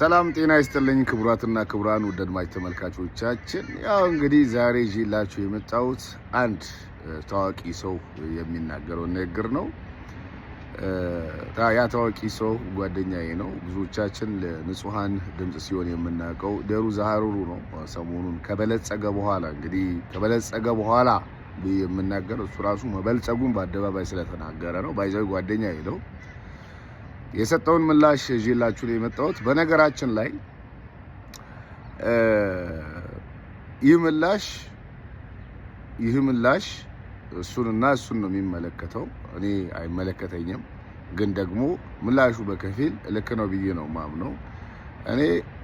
ሰላም ጤና ይስጥልኝ ክቡራትና ክቡራን ውድ አድማጭ ተመልካቾቻችን፣ ያው እንግዲህ ዛሬ ይዤላችሁ የመጣሁት አንድ ታዋቂ ሰው የሚናገረው ንግግር ነው። ያ ታዋቂ ሰው ጓደኛዬ ነው። ብዙዎቻችን ለንጹሐን ድምፅ ሲሆን የምናውቀው ደሩ ዛሃሩሩ ነው። ሰሞኑን ከበለጸገ በኋላ እንግዲህ ከበለጸገ በኋላ የምናገረው እሱ ራሱ መበልጸጉን በአደባባይ ስለተናገረ ነው። ባይዛዊ ጓደኛዬ ነው። የሰጠውን ምላሽ ይዤላችሁ ነው የመጣሁት። በነገራችን ላይ ይህ ምላሽ ይህ ምላሽ እሱንና እሱን ነው የሚመለከተው። እኔ አይመለከተኝም፣ ግን ደግሞ ምላሹ በከፊል ልክ ነው ብዬ ነው ማምነው። እኔ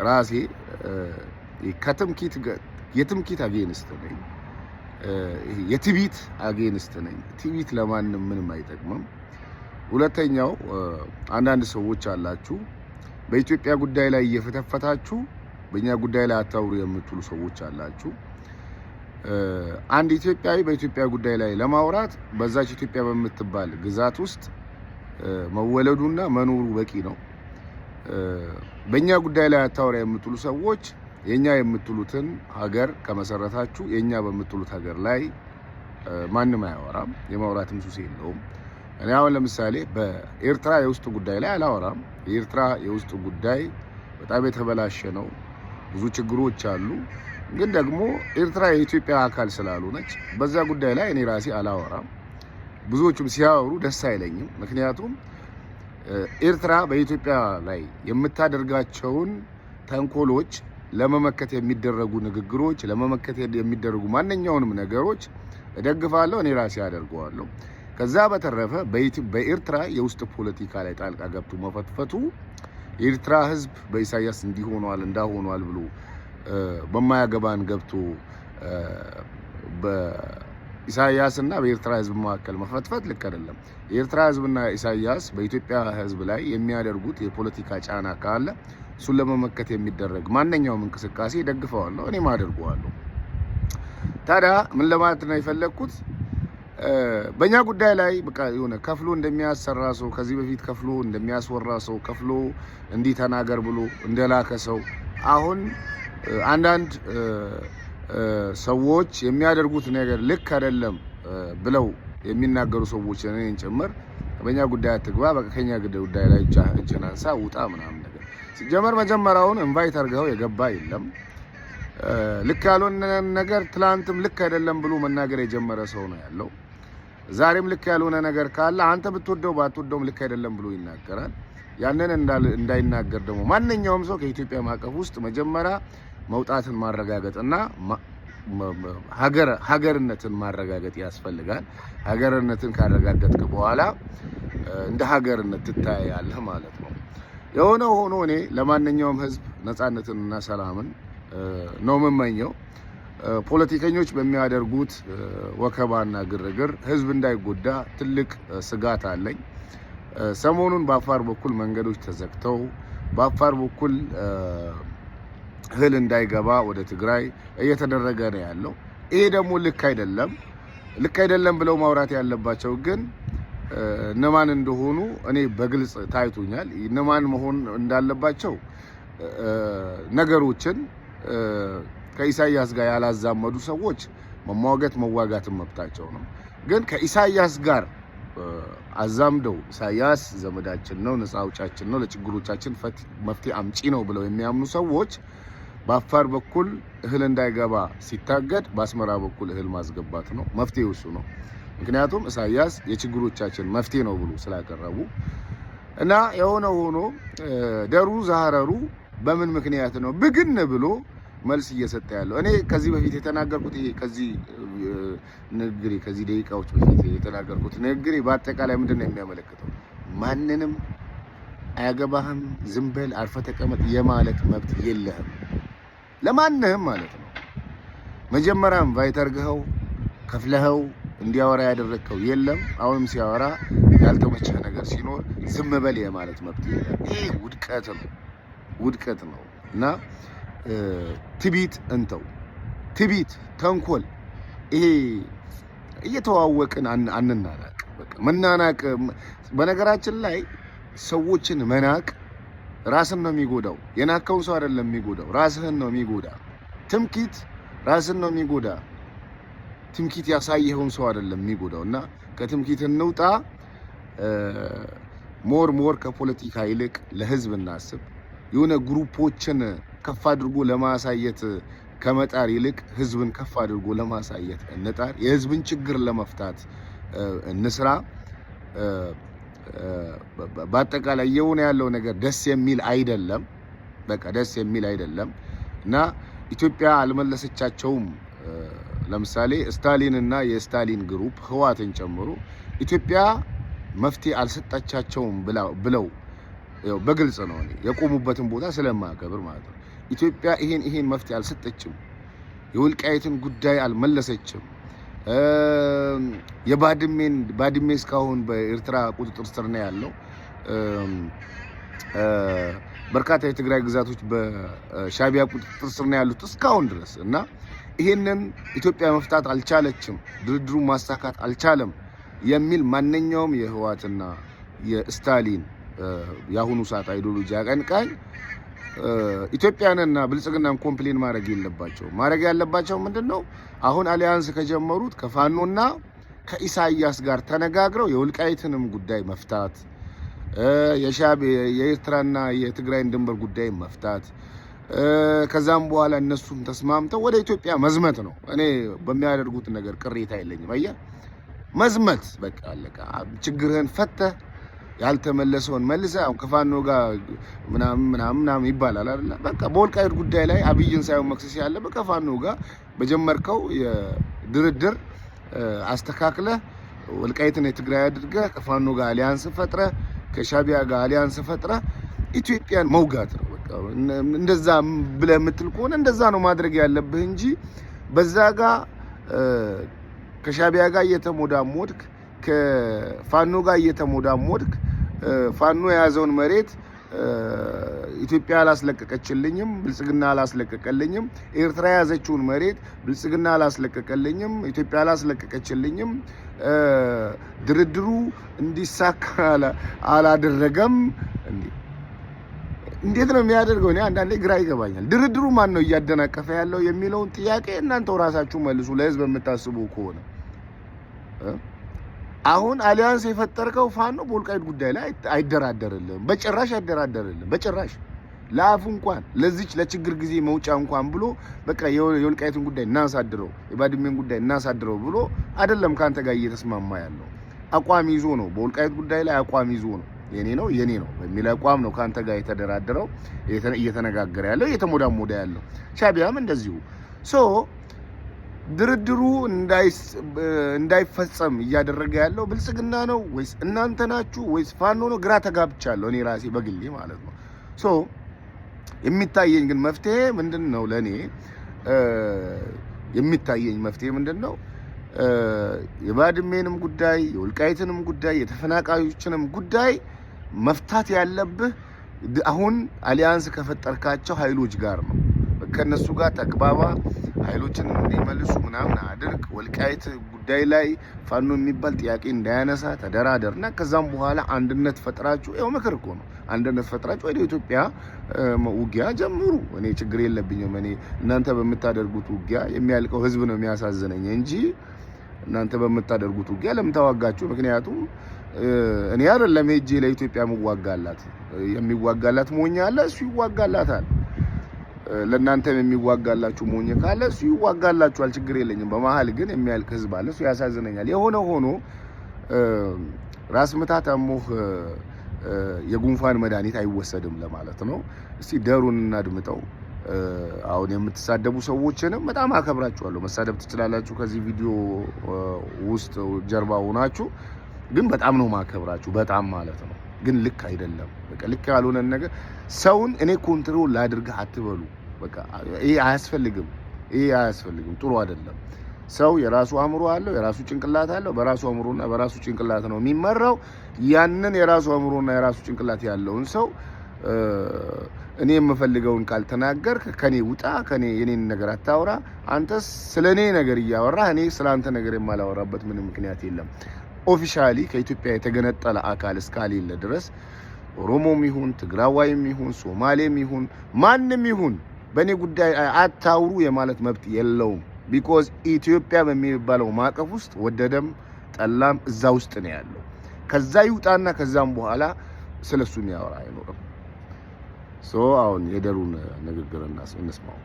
ራሴ ከትምኪት የትምኪት አጌንስት ነኝ፣ የትቢት አጌንስት ነኝ። ትቢት ለማንም ምንም አይጠቅምም። ሁለተኛው አንዳንድ ሰዎች አላችሁ በኢትዮጵያ ጉዳይ ላይ እየፈተፈታችሁ በእኛ ጉዳይ ላይ አታውሩ የምትሉ ሰዎች አላችሁ። አንድ ኢትዮጵያዊ በኢትዮጵያ ጉዳይ ላይ ለማውራት በዛች ኢትዮጵያ በምትባል ግዛት ውስጥ መወለዱና መኖሩ በቂ ነው። በእኛ ጉዳይ ላይ አታውራ የምትሉ ሰዎች የእኛ የምትሉትን ሀገር ከመሰረታችሁ የእኛ በምትሉት ሀገር ላይ ማንም አያወራም፣ የማውራትም ሱስ የለውም። እኔ አሁን ለምሳሌ በኤርትራ የውስጥ ጉዳይ ላይ አላወራም። የኤርትራ የውስጥ ጉዳይ በጣም የተበላሸ ነው፣ ብዙ ችግሮች አሉ። ግን ደግሞ ኤርትራ የኢትዮጵያ አካል ስላልሆነች በዛ ጉዳይ ላይ እኔ ራሴ አላወራም። ብዙዎቹም ሲያወሩ ደስ አይለኝም። ምክንያቱም ኤርትራ በኢትዮጵያ ላይ የምታደርጋቸውን ተንኮሎች ለመመከት የሚደረጉ ንግግሮች፣ ለመመከት የሚደረጉ ማንኛውንም ነገሮች እደግፋለሁ። እኔ ራሴ አደርገዋለሁ። ከዛ በተረፈ በኤርትራ የውስጥ ፖለቲካ ላይ ጣልቃ ገብቶ መፈትፈቱ የኤርትራ ሕዝብ በኢሳያስ እንዲሆኗል እንዳሆኗል ብሎ በማያገባን ገብቶ እና በኤርትራ ሕዝብ መካከል መፈትፈት ልክ አይደለም። የኤርትራ ሕዝብና ኢሳያስ በኢትዮጵያ ሕዝብ ላይ የሚያደርጉት የፖለቲካ ጫና ካለ እሱን ለመመከት የሚደረግ ማንኛውም እንቅስቃሴ ደግፈዋለሁ፣ እኔም አደርገዋለሁ። ታዲያ ምን ለማለት ነው የፈለግኩት? በእኛ ጉዳይ ላይ በቃ የሆነ ከፍሎ እንደሚያሰራ ሰው ከዚህ በፊት ከፍሎ እንደሚያስወራ ሰው ከፍሎ እንዲህ ተናገር ብሎ እንደላከ ሰው አሁን አንዳንድ ሰዎች የሚያደርጉት ነገር ልክ አይደለም ብለው የሚናገሩ ሰዎች እኔን ጭምር በእኛ ጉዳይ አትግባ፣ በቃ ከኛ ጉዳይ ላይ እጅን አንሳ ውጣ ምናምን ነገር ሲጀመር መጀመሪያውን ኢንቫይት አድርገው የገባ የለም። ልክ ያልሆነ ነገር ትላንትም ልክ አይደለም ብሎ መናገር የጀመረ ሰው ነው ያለው። ዛሬም ልክ ያልሆነ ነገር ካለ አንተ ብትወደው ባትወደውም ልክ አይደለም ብሎ ይናገራል። ያንን እንዳይናገር ደግሞ ማንኛውም ሰው ከኢትዮጵያ ማዕቀፍ ውስጥ መጀመሪያ መውጣትን ማረጋገጥና ሀገርነትን ማረጋገጥ ያስፈልጋል። ሀገርነትን ካረጋገጥክ በኋላ እንደ ሀገርነት ትታያለህ ማለት ነው። የሆነ ሆኖ እኔ ለማንኛውም ህዝብ ነፃነትንና ሰላምን ነው የምመኘው። ፖለቲከኞች በሚያደርጉት ወከባና ግርግር ህዝብ እንዳይጎዳ ትልቅ ስጋት አለኝ። ሰሞኑን በአፋር በኩል መንገዶች ተዘግተው በአፋር በኩል እህል እንዳይገባ ወደ ትግራይ እየተደረገ ነው ያለው። ይሄ ደግሞ ልክ አይደለም። ልክ አይደለም ብለው ማውራት ያለባቸው ግን እነማን እንደሆኑ እኔ በግልጽ ታይቶኛል። እነማን መሆን እንዳለባቸው ነገሮችን ከኢሳያስ ጋር ያላዛመዱ ሰዎች መሟገት መዋጋትን መብታቸው ነው። ግን ከኢሳያስ ጋር አዛምደው ኢሳያስ ዘመዳችን ነው፣ ነፃ አውጫችን ነው፣ ለችግሮቻችን መፍትሄ አምጪ ነው ብለው የሚያምኑ ሰዎች በአፋር በኩል እህል እንዳይገባ ሲታገድ በአስመራ በኩል እህል ማስገባት ነው መፍትሄ እሱ ነው። ምክንያቱም ኢሳያስ የችግሮቻችን መፍትሄ ነው ብሎ ስላቀረቡ እና የሆነ ሆኖ ደሩ ዛረሩ በምን ምክንያት ነው ብግን ብሎ መልስ እየሰጠ ያለው። እኔ ከዚህ በፊት የተናገርኩት ይሄ ከዚህ ንግግሬ ከዚህ ደቂቃዎች በፊት የተናገርኩት ንግግሬ በአጠቃላይ ምንድን ነው የሚያመለክተው? ማንንም አያገባህም፣ ዝም በል አርፈ ተቀመጥ የማለት መብት የለህም፣ ለማንህም ማለት ነው። መጀመሪያም ቫይተርግኸው ከፍለኸው እንዲያወራ ያደረግከው የለም። አሁንም ሲያወራ ያልተመቸህ ነገር ሲኖር ዝም በል የማለት መብት የለም። ይሄ ውድቀት ነው፣ ውድቀት ነው እና ትቢት እንተው። ትቢት፣ ተንኮል፣ ይሄ እየተዋወቅን አንናናቅ። በቃ መናናቅ፣ በነገራችን ላይ ሰዎችን መናቅ ራስን ነው የሚጎዳው። የናከውን ሰው አይደለም የሚጎዳው፣ ራስህን ነው የሚጎዳ። ትምኪት ራስን ነው የሚጎዳ። ትምኪት ያሳየኸውን ሰው አይደለም የሚጎዳው እና ከትምኪት እንውጣ። ሞር ሞር ከፖለቲካ ይልቅ ለህዝብ እናስብ። የሆነ ግሩፖችን ከፍ አድርጎ ለማሳየት ከመጣር ይልቅ ህዝብን ከፍ አድርጎ ለማሳየት እንጣር። የህዝብን ችግር ለመፍታት እንስራ። በአጠቃላይ የሆነ ያለው ነገር ደስ የሚል አይደለም። በቃ ደስ የሚል አይደለም እና ኢትዮጵያ አልመለሰቻቸውም። ለምሳሌ ስታሊን እና የስታሊን ግሩፕ ህዋትን ጨምሮ ኢትዮጵያ መፍትሄ አልሰጣቻቸውም ብለው በግልጽ ነው የቆሙበትን ቦታ ስለማያከብር ማለት ነው። ኢትዮጵያ ይሄን ይሄን መፍትሄ አልሰጠችም። የወልቃይትን ጉዳይ አልመለሰችም። የባድሜን ባድሜ እስካሁን በኤርትራ ቁጥጥር ስር ነው ያለው። በርካታ የትግራይ ግዛቶች በሻቢያ ቁጥጥር ስር ነው ያሉት እስካሁን ድረስ እና ይሄንን ኢትዮጵያ መፍታት አልቻለችም፣ ድርድሩ ማሳካት አልቻለም የሚል ማንኛውም የህወሓትና የስታሊን የአሁኑ ሰዓት አይዲዮሎጂ አቀንቃኝ ኢትዮጵያንና ብልጽግናን ኮምፕሌን ማድረግ የለባቸው። ማድረግ ያለባቸው ምንድን ነው? አሁን አሊያንስ ከጀመሩት ከፋኖና ከኢሳያስ ጋር ተነጋግረው የውልቃይትንም ጉዳይ መፍታት፣ የኤርትራና የትግራይን ድንበር ጉዳይ መፍታት፣ ከዛም በኋላ እነሱም ተስማምተው ወደ ኢትዮጵያ መዝመት ነው። እኔ በሚያደርጉት ነገር ቅሬታ የለኝም። አየህ መዝመት በቃ አለቀ። ችግርህን ፈተህ ያልተመለሰውን መልሰ አሁን ከፋኖ ጋር ምናምን ምናምን ይባላል አይደለ? በቃ በወልቃይት ጉዳይ ላይ አብይን ሳይሆን መክሰስ ያለብህ ከፋኖ ጋር በጀመርከው ድርድር አስተካክለህ ወልቃይትን የትግራይ አድርገህ ከፋኖ ጋር አሊያንስ ፈጥረ ከሻቢያ ጋር አሊያንስ ፈጥረ ኢትዮጵያን መውጋት ነው። በቃ እንደዛ ብለህ የምትል ከሆነ እንደዛ ነው ማድረግ ያለብህ እንጂ በዛ ጋር ከሻቢያ ጋር እየተሞዳሞድክ ከፋኖ ጋር እየተሞዳሞድክ ፋኖ የያዘውን መሬት ኢትዮጵያ አላስለቀቀችልኝም፣ ብልጽግና አላስለቀቀልኝም። ኤርትራ የያዘችውን መሬት ብልጽግና አላስለቀቀልኝም፣ ኢትዮጵያ አላስለቀቀችልኝም። ድርድሩ እንዲሳካ አላደረገም። እንዴት ነው የሚያደርገው? እኔ አንዳንዴ ግራ ይገባኛል። ድርድሩ ማን ነው እያደናቀፈ ያለው የሚለውን ጥያቄ እናንተው ራሳችሁ መልሱ፣ ለህዝብ የምታስቡ ከሆነ አሁን አሊያንስ የፈጠርከው ፋኖ በወልቃይት ጉዳይ ላይ አይደራደርልም፣ በጭራሽ አይደራደርልም፣ በጭራሽ ለአፉ እንኳን ለዚች ለችግር ጊዜ መውጫ እንኳን ብሎ በቃ የወልቃይትን ጉዳይ እናሳድረው፣ የባድሜን ጉዳይ እናሳድረው ብሎ አይደለም ከአንተ ጋር እየተስማማ ያለው አቋም ይዞ ነው። በወልቃይት ጉዳይ ላይ አቋም ይዞ ነው። የኔ ነው የኔ ነው በሚል አቋም ነው ከአንተ ጋር የተደራደረው፣ እየተነጋገረ ያለው፣ እየተሞዳሞዳ ያለው። ሻቢያም እንደዚሁ ሶ ድርድሩ እንዳይፈጸም እያደረገ ያለው ብልጽግና ነው ወይስ እናንተ ናችሁ ወይስ ፋኖ ነው? ግራ ተጋብቻለሁ እኔ ራሴ በግሌ ማለት ነው። ሶ የሚታየኝ ግን መፍትሄ ምንድን ነው? ለእኔ የሚታየኝ መፍትሄ ምንድን ነው? የባድሜንም ጉዳይ የወልቃይትንም ጉዳይ የተፈናቃዮችንም ጉዳይ መፍታት ያለብህ አሁን አሊያንስ ከፈጠርካቸው ኃይሎች ጋር ነው። ከእነሱ ጋር ተግባባ። ኃይሎችን እንዲመልሱ ምናምን አድርግ፣ ወልቃይት ጉዳይ ላይ ፋኖ የሚባል ጥያቄ እንዳያነሳ ተደራደር እና ከዛም በኋላ አንድነት ፈጥራችሁ ያው ምክር እኮ ነው። አንድነት ፈጥራችሁ ወደ ኢትዮጵያ ውጊያ ጀምሩ። እኔ ችግር የለብኝም። እኔ እናንተ በምታደርጉት ውጊያ የሚያልቀው ህዝብ ነው የሚያሳዝነኝ እንጂ እናንተ በምታደርጉት ውጊያ ለምን ተዋጋችሁ? ምክንያቱም እኔ አይደለም ሄጄ ለኢትዮጵያ ምዋጋላት የሚዋጋላት ሞኛ አለ፣ እሱ ይዋጋላታል። ለእናንተም የሚዋጋላችሁ ሞኝ ካለ እሱ ይዋጋላችኋል፣ ችግር የለኝም። በመሀል ግን የሚያልቅ ህዝብ አለ፣ እሱ ያሳዝነኛል። የሆነ ሆኖ ራስ ምታት አሞህ የጉንፋን መድኃኒት አይወሰድም ለማለት ነው። እስቲ ደሩን እናድምጠው። አሁን የምትሳደቡ ሰዎችንም በጣም አከብራችኋለሁ። መሳደብ ትችላላችሁ ከዚህ ቪዲዮ ውስጥ ጀርባ ሆናችሁ፣ ግን በጣም ነው ማከብራችሁ፣ በጣም ማለት ነው። ግን ልክ አይደለም። በቃ ልክ ያልሆነን ነገር ሰውን እኔ ኮንትሮል ላድርግህ አትበሉ። በቃ ይሄ አያስፈልግም፣ ይሄ አያስፈልግም፣ ጥሩ አይደለም። ሰው የራሱ አእምሮ አለው፣ የራሱ ጭንቅላት አለው። በራሱ አእምሮና በራሱ ጭንቅላት ነው የሚመራው። ያንን የራሱ አእምሮና የራሱ ጭንቅላት ያለውን ሰው እኔ የምፈልገውን ተናገር፣ ከኔ ውጣ፣ ከኔ የኔን ነገር አታውራ። አንተስ ስለ እኔ ነገር እያወራህ እኔ ስለ አንተ ነገር የማላወራበት ምንም ምክንያት የለም። ኦፊሻሊ ከኢትዮጵያ የተገነጠለ አካል እስካሌለ ድረስ ኦሮሞም ይሁን ትግራዋይም ይሁን ሶማሌም ይሁን ማንም ይሁን በእኔ ጉዳይ አታውሩ የማለት መብት የለውም። ቢኮዝ ኢትዮጵያ በሚባለው ማዕቀፍ ውስጥ ወደደም ጠላም እዛ ውስጥ ነው ያለው። ከዛ ይውጣና ከዛም በኋላ ስለሱ የሚያወራ አይኖርም። አሁን የደሩን ንግግር እንስማው።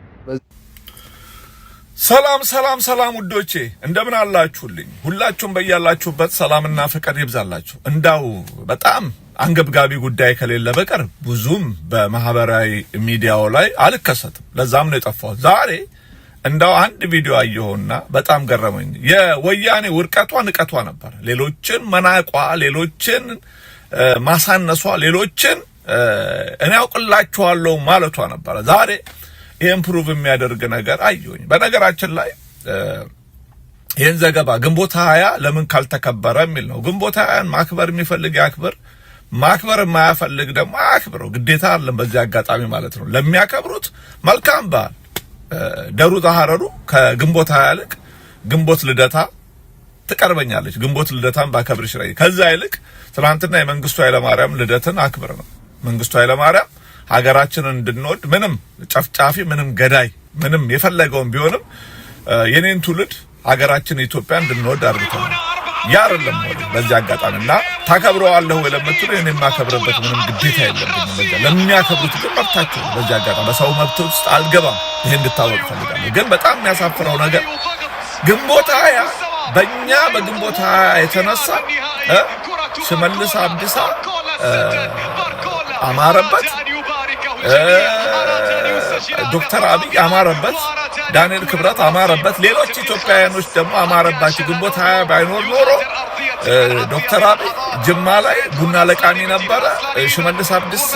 ሰላም ሰላም ሰላም ውዶቼ እንደምን አላችሁልኝ? ሁላችሁም በያላችሁበት ሰላምና ፍቅር ይብዛላችሁ። እንዳው በጣም አንገብጋቢ ጉዳይ ከሌለ በቀር ብዙም በማህበራዊ ሚዲያው ላይ አልከሰትም። ለዛም ነው የጠፋሁት። ዛሬ እንዳው አንድ ቪዲዮ አየሁና በጣም ገረመኝ። የወያኔ ውድቀቷ ንቀቷ ነበር። ሌሎችን መናቋ፣ ሌሎችን ማሳነሷ፣ ሌሎችን እኔ አውቅላችኋለሁ ማለቷ ነበረ ዛሬ ኢምፕሩቭ የሚያደርግ ነገር አየሁኝ። በነገራችን ላይ ይህን ዘገባ ግንቦት ሀያ ለምን ካልተከበረ የሚል ነው። ግንቦት ሀያን ማክበር የሚፈልግ ያክብር፣ ማክበር የማያፈልግ ደግሞ አያክብረው። ግዴታ አለን በዚህ አጋጣሚ ማለት ነው። ለሚያከብሩት መልካም በዓል ደሩ ሀረሩ ከግንቦት ሀያ ይልቅ ግንቦት ልደታ ትቀርበኛለች። ግንቦት ልደታን ባከብር ይችላል። ከዛ ይልቅ ትናንትና የመንግስቱ ኃይለማርያም ልደትን አክብር ነው። መንግስቱ ኃይለማርያም ሀገራችንን እንድንወድ ምንም ጨፍጫፊ፣ ምንም ገዳይ፣ ምንም የፈለገውን ቢሆንም የኔን ትውልድ ሀገራችን ኢትዮጵያ እንድንወድ አድርጎታል። ያ አይደለም ወይ? በዚህ አጋጣሚ እና ታከብረዋለሁ ወይ ለምትሉ እኔ የማከብርበት ምንም ግዴታ የለብኝም። በዚያ ለሚያከብሩት ግን መብታቸው። በዚህ አጋጣሚ በሰው መብት ውስጥ አልገባም። ይሄ እንድታወቅ ፈልጋለሁ። ግን በጣም የሚያሳፍረው ነገር ግንቦት ሀያ በእኛ በግንቦት ሀያ የተነሳ ሽመልስ አብዲሳ አማረበት ዶክተር አብይ አማረበት፣ ዳንኤል ክብረት አማረበት፣ ሌሎች ኢትዮጵያውያኖች ደግሞ አማረባቸው። ግንቦት ሀያ ባይኖር ኖሮ ዶክተር አብይ ጅማ ላይ ቡና ለቃሚ ነበረ። ሽመልስ አብድሳ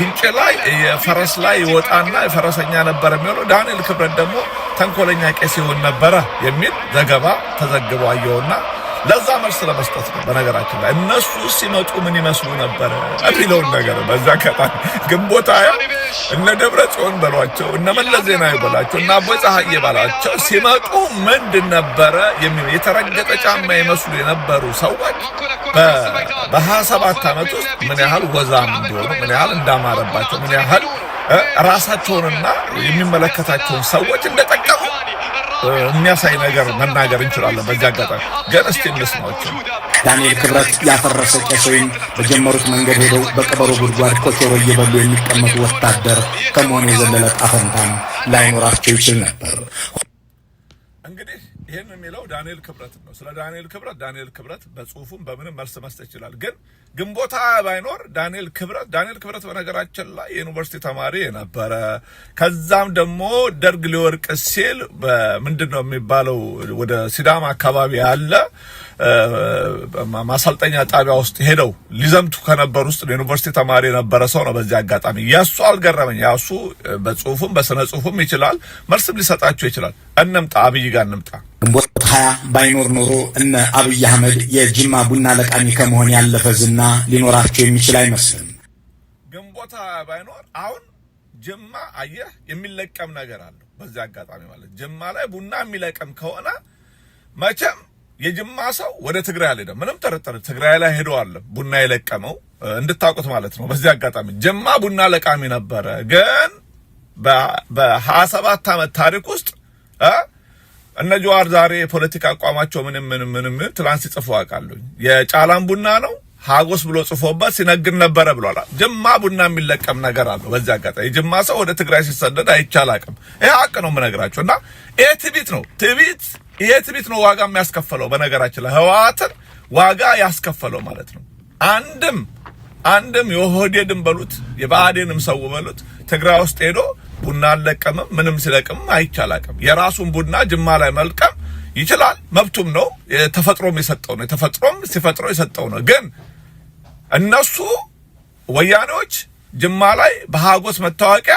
ግንጭ ላይ የፈረስ ላይ ይወጣና የፈረሰኛ ነበረ የሚሆነው። ዳንኤል ክብረት ደግሞ ተንኮለኛ ቄስ ይሆን ነበረ የሚል ዘገባ ተዘግቦ ለዛ መልስ ለመስጠት ነው። በነገራችን ላይ እነሱ ሲመጡ ምን ይመስሉ ነበረ የሚለውን ነገር በዛ ከጣን ግንቦት ሃያ እነ ደብረ ጽዮን በሏቸው፣ እነ መለስ ዜናዊ በሏቸው፣ እና አቦይ ፀሐዬ በሏቸው ሲመጡ ምንድን ነበረ የተረገጠ ጫማ ይመስሉ የነበሩ ሰዎች በሀያ ሰባት ዓመት ውስጥ ምን ያህል ወዛም እንዲሆኑ ምን ያህል እንዳማረባቸው ምን ያህል ራሳቸውንና የሚመለከታቸውን ሰዎች እንደጠቀሙ የሚያሳይ ነገር መናገር እንችላለን። በዚህ አጋጣሚ ግን እስቲ እንስማቸው። ዳንኤል ክብረት ያፈረሰ ቄስ በጀመሩት መንገድ ሄደው በቀበሮ ጉድጓድ ኮቾሮ እየበሉ የሚቀመጡ ወታደር ከመሆኑ የዘለለ ጣፈንታም ላይኖራቸው ይችል ነበር እንግዲህ ይህን የሚለው ዳንኤል ክብረት ነው። ስለ ዳንኤል ክብረት ዳንኤል ክብረት በጽሁፉም በምንም መልስ መስጠት ይችላል። ግን ግንቦት ባይኖር ዳንኤል ክብረት ዳንኤል ክብረት በነገራችን ላይ የዩኒቨርሲቲ ተማሪ የነበረ ከዛም ደግሞ ደርግ ሊወርቅ ሲል ምንድን ነው የሚባለው ወደ ሲዳማ አካባቢ ያለ ማሰልጠኛ ጣቢያ ውስጥ ሄደው ሊዘምቱ ከነበሩ ውስጥ ለዩኒቨርሲቲ ተማሪ የነበረ ሰው ነው። በዚህ አጋጣሚ ያሱ አልገረመኝ። ያሱ በጽሁፉም በስነ ጽሁፉም ይችላል፣ መልስም ሊሰጣቸው ይችላል። እንምጣ፣ አብይ ጋር እንምጣ። ግንቦት ሀያ ባይኖር ኖሮ እነ አብይ አህመድ የጅማ ቡና ለቃሚ ከመሆን ያለፈ ዝና ሊኖራቸው የሚችል አይመስልም። ግንቦት ሀያ ባይኖር አሁን ጅማ አየህ የሚለቀም ነገር አለው። በዚህ አጋጣሚ ማለት ጅማ ላይ ቡና የሚለቀም ከሆነ መቼም የጅማ ሰው ወደ ትግራይ አልሄደም። ምንም ጥርጥር ትግራይ ላይ ሄዶ አለ ቡና የለቀመው እንድታውቁት ማለት ነው። በዚህ አጋጣሚ ጅማ ቡና ለቃሚ ነበረ፣ ግን በሀያ ሰባት ዓመት ታሪክ ውስጥ እነ ጀዋር ዛሬ የፖለቲካ አቋማቸው ምንም ምንም ምንም ትላንት ሲጽፉ አውቃለሁ። የጫላን ቡና ነው ሀጎስ ብሎ ጽፎበት ሲነግድ ነበረ ብሏል። ጅማ ቡና የሚለቀም ነገር አለው። በዚህ አጋጣሚ ጅማ ሰው ወደ ትግራይ ሲሰደድ አይቻል አቅም ይህ ሀቅ ነው የምነግራቸው እና ይሄ ትቢት ነው ትቢት ይሄ ትቢት ነው ዋጋ የሚያስከፈለው በነገራችን ላይ ህወሓትን ዋጋ ያስከፈለው ማለት ነው። አንድም አንድም የኦህዴድን በሉት የብአዴንም ሰው በሉት ትግራይ ውስጥ ሄዶ ቡና አልለቀምም ምንም ሲለቅም አይቻል አቅም የራሱን ቡና ጅማ ላይ መልቀም ይችላል መብቱም ነው። ተፈጥሮም የሰጠው ነው። ተፈጥሮም ሲፈጥሮ የሰጠው ነው ግን እነሱ ወያኔዎች ጅማ ላይ በሀጎስ መታወቂያ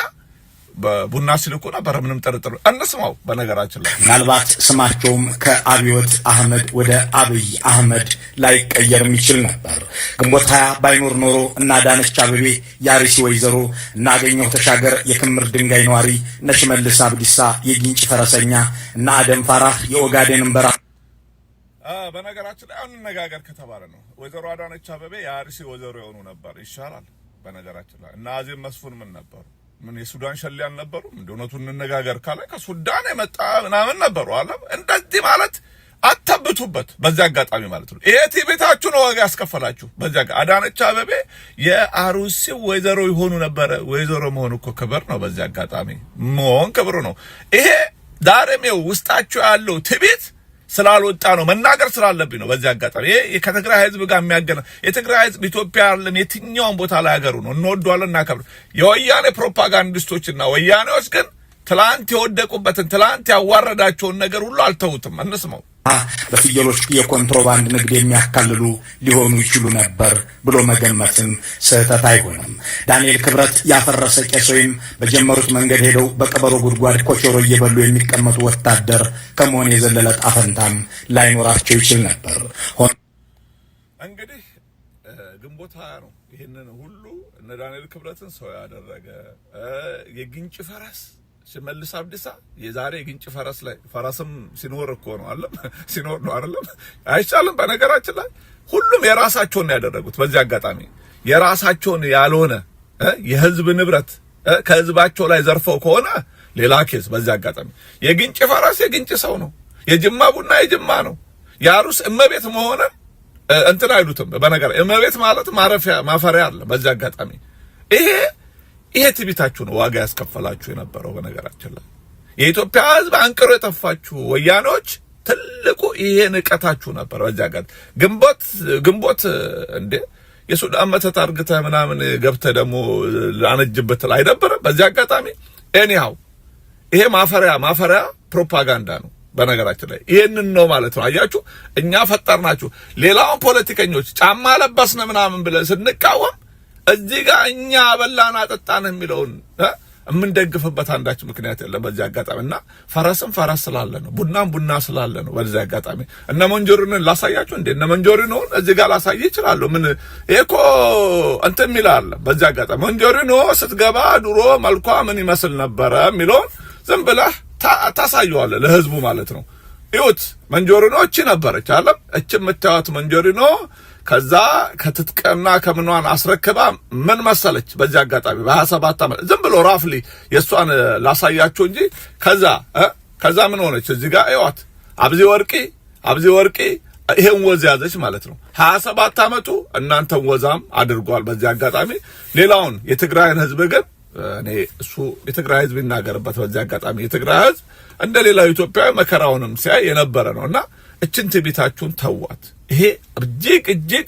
ቡና ሲልኩ ነበር። ምንም ጥርጥር እንስማው። በነገራችን ላይ ምናልባት ስማቸውም ከአብዮት አህመድ ወደ አብይ አህመድ ላይቀየር የሚችል ነበር። ግንቦት ሀያ ባይኖር ኖሮ እና ዳነች አበቤ የአርሲ ወይዘሮ፣ እና አገኘሁ ተሻገር የክምር ድንጋይ ነዋሪ፣ እነ ሽመልስ አብዲሳ የግንጭ ፈረሰኛ፣ እና አደም ፋራህ የኦጋዴን እንበራ በነገራችን ላይ እንነጋገር ከተባለ ነው ወይዘሮ አዳነች አበቤ የአርሲ ወይዘሮ የሆኑ ነበር ይሻላል። በነገራችን ላይ እና አዜብ መስፍን ምን ነበሩ? ምን የሱዳን ሸሌ አልነበሩም? እንደ እውነቱ እንነጋገር ካለ ከሱዳን የመጣ ምናምን ነበሩ አለ። እንደዚህ ማለት አተብቱበት በዚህ አጋጣሚ ማለት ነው። ይሄ ነው ዋጋ ያስከፈላችሁ በዚያ አዳነች አበቤ የአሩሲ ወይዘሮ የሆኑ ነበረ። ወይዘሮ መሆኑ እኮ ክብር ነው። በዚህ አጋጣሚ መሆን ክብሩ ነው። ይሄ ዳርሜው ውስጣችሁ ያለው ትዕቢት ስላልወጣ ነው። መናገር ስላለብኝ ነው። በዚህ አጋጣሚ ይሄ ከትግራይ ህዝብ ጋር የሚያገና የትግራይ ህዝብ ኢትዮጵያ ያለን የትኛውን ቦታ ላይ ሀገሩ ነው፣ እንወደዋለን፣ እናከብር። የወያኔ ፕሮፓጋንዲስቶችና ወያኔዎች ግን ትላንት የወደቁበትን ትላንት ያዋረዳቸውን ነገር ሁሉ አልተዉትም፣ አንስመው። በፍየሎች የኮንትሮባንድ ንግድ የሚያካልሉ ሊሆኑ ይችሉ ነበር ብሎ መገመትም ስህተት አይሆንም። ዳንኤል ክብረት ያፈረሰ ቄስ ወይም በጀመሩት መንገድ ሄደው በቀበሮ ጉድጓድ ኮቾሮ እየበሉ የሚቀመጡ ወታደር ከመሆን የዘለለ ጣፈንታም ላይኖራቸው ይችል ነበር። እንግዲህ ግንቦት ሀያ ነው ይህንን ሁሉ እነ ዳንኤል ክብረትን ሰው ያደረገ የግንጭ ፈረስ ሽመልስ አብዲሳ የዛሬ ግንጭ ፈረስ ላይ ፈረስም ሲኖር እኮ ነው አለም ሲኖር ነው አይደለም አይቻልም። በነገራችን ላይ ሁሉም የራሳቸውን ያደረጉት በዚህ አጋጣሚ የራሳቸውን ያልሆነ የህዝብ ንብረት ከህዝባቸው ላይ ዘርፈው ከሆነ ሌላ ኬስ በዚህ አጋጣሚ የግንጭ ፈረስ የግንጭ ሰው ነው፣ የጅማ ቡና የጅማ ነው። የአሩስ እመቤት መሆነ እንትን አይሉትም። በነገር እመቤት ማለት ማረፊያ ማፈሪያ አለ። በዚህ አጋጣሚ ይሄ ይሄ ትቢታችሁ ነው ዋጋ ያስከፈላችሁ የነበረው። በነገራችን ላይ የኢትዮጵያ ሕዝብ አንቅሮ የጠፋችሁ ወያኔዎች ትልቁ ይሄ ንቀታችሁ ነበር። በዚያ ጋር ግንቦት ግንቦት እንዴ የሱዳን መተት አርግተህ ምናምን ገብተ ደግሞ ላነጅበት አይነበረም። በዚያ አጋጣሚ ኤኒሃው ይሄ ማፈሪያ ማፈሪያ ፕሮፓጋንዳ ነው። በነገራችን ላይ ይህንን ነው ማለት ነው። አያችሁ፣ እኛ ፈጠርናችሁ። ሌላውን ፖለቲከኞች ጫማ ለበስነ ምናምን ብለን ስንቃወም እዚህ ጋር እኛ በላን አጠጣን የሚለውን የምንደግፍበት አንዳች ምክንያት የለም። በዚህ አጋጣሚ እና ፈረስም ፈረስ ስላለ ነው፣ ቡናም ቡና ስላለ ነው። በዚህ አጋጣሚ እነ መንጆሪኖን ላሳያችሁ እንዴ? እነ መንጆሪኖን እዚህ ጋር ላሳይ ይችላሉ። ምን ኮ እንትን የሚላለ በዚህ አጋጣሚ መንጆሪኖ ስትገባ ድሮ መልኳ ምን ይመስል ነበረ የሚለውን ዝም ብለህ ታሳየዋለ ለህዝቡ ማለት ነው። ይሁት መንጆሪኖ እቺ ነበረች አለም እቺ የምታዩት መንጆሪኖ ከዛ ከትጥቀና ከምኗን አስረክባ ምን መሰለች፣ በዚህ አጋጣሚ በ27 ዓመት ዝም ብሎ ራፍሊ የእሷን ላሳያችሁ እንጂ ከዛ ከዛ ምን ሆነች? እዚህ ጋር እዋት አብዚ ወርቂ አብዚ ወርቂ ይሄን ወዝ ያዘች ማለት ነው። 27 ዓመቱ እናንተን ወዛም አድርጓል። በዚህ አጋጣሚ ሌላውን የትግራይን ህዝብ ግን እኔ እሱ የትግራይ ህዝብ ይናገርበት። በዚህ አጋጣሚ የትግራይ ህዝብ እንደ ሌላው ኢትዮጵያዊ መከራውንም ሲያይ የነበረ ነው እና እችን ትዕቢታችሁን ተዋት። ይሄ እጅግ እጅግ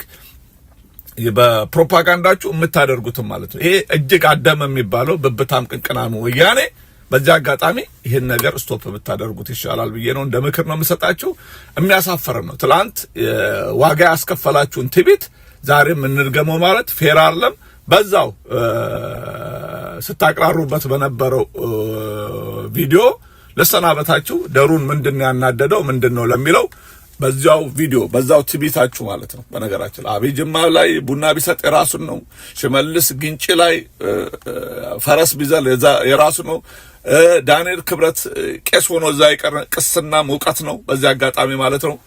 በፕሮፓጋንዳችሁ የምታደርጉትም ማለት ነው። ይሄ እጅግ አደም የሚባለው ብብታም ቅንቅናሙ ወያኔ በዚህ አጋጣሚ ይህን ነገር ስቶፕ ብታደርጉት ይሻላል ብዬ ነው። እንደ ምክር ነው የምሰጣችሁ። የሚያሳፈርም ነው። ትላንት ዋጋ ያስከፈላችሁን ትዕቢት ዛሬ የምንድገመው ማለት ፌር አለም። በዛው ስታቅራሩበት በነበረው ቪዲዮ ልሰናበታችሁ። ደሩን ምንድን ያናደደው ምንድን ነው ለሚለው በዚያው ቪዲዮ በዛው ትቢታችሁ ማለት ነው። በነገራችን አብይ ጅማ ላይ ቡና ቢሰጥ የራሱን ነው። ሽመልስ ግንጭ ላይ ፈረስ ቢዘል የራሱ ነው። ዳንኤል ክብረት ቄስ ሆኖ እዛ የቀረ ቅስና እውቀት ነው። በዚህ አጋጣሚ ማለት ነው።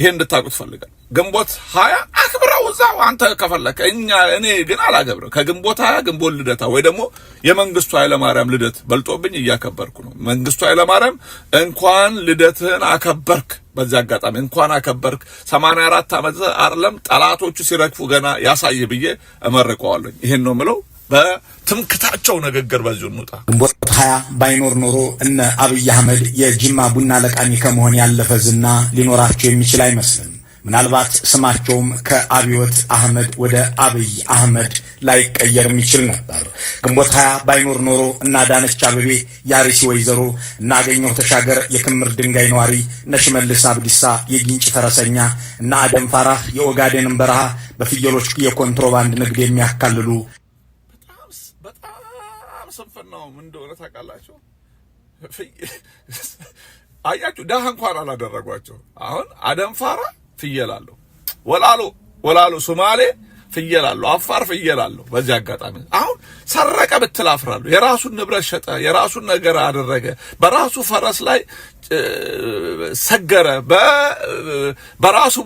ይሄን እንድታውቁት ፈልጋል። ግንቦት ሀያ አክብረው እዛው አንተ ከፈለከ እኛ እኔ ግን አላገብረ ከግንቦት ሀያ ግንቦት ልደታ ወይ ደግሞ የመንግስቱ ኃይለማርያም ልደት በልጦብኝ እያከበርኩ ነው። መንግስቱ ኃይለማርያም እንኳን ልደትህን አከበርክ፣ በዚህ አጋጣሚ እንኳን አከበርክ። 84 ዓመት አይደለም ጠላቶቹ ሲረግፉ ገና ያሳይ ብዬ እመርቀዋለሁ። ይሄን ነው ምለው። በትምክታቸው ንግግር በዚሁ እንውጣ። ግንቦት ሀያ ባይኖር ኖሮ እነ አብይ አህመድ የጅማ ቡና ለቃሚ ከመሆን ያለፈ ዝና ሊኖራቸው የሚችል አይመስልም። ምናልባት ስማቸውም ከአብዮት አህመድ ወደ አብይ አህመድ ላይቀየር የሚችል ነበር። ግንቦት ሀያ ባይኖር ኖሮ እና ዳነች አበቤ የአርሲ ወይዘሮ፣ እና አገኘሁ ተሻገር የክምር ድንጋይ ነዋሪ፣ እነ ሽመልስ አብዲሳ የግንጭ ፈረሰኛ፣ እና አደም ፋራህ የኦጋዴንን በረሃ በፍየሎች የኮንትሮባንድ ንግድ የሚያካልሉ ስንፍናው ምን እንደሆነ ታውቃላችሁ? አያችሁ፣ ደሃ እንኳን አላደረጓቸው። አሁን አደንፋራ አለው። ወላሎ ወላሎ፣ ሶማሌ ፍየላለሁ፣ አፋር አለው በዚህ አጋጣሚ አሁን ሰረቀ ብትል አፍራለሁ። የራሱን ንብረት ሸጠ፣ የራሱን ነገር አደረገ፣ በራሱ ፈረስ ላይ ሰገረ፣ በራሱ